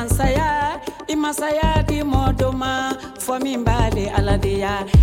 mansaya i masaya di mɔdoma fɔ min b'ale ala de ya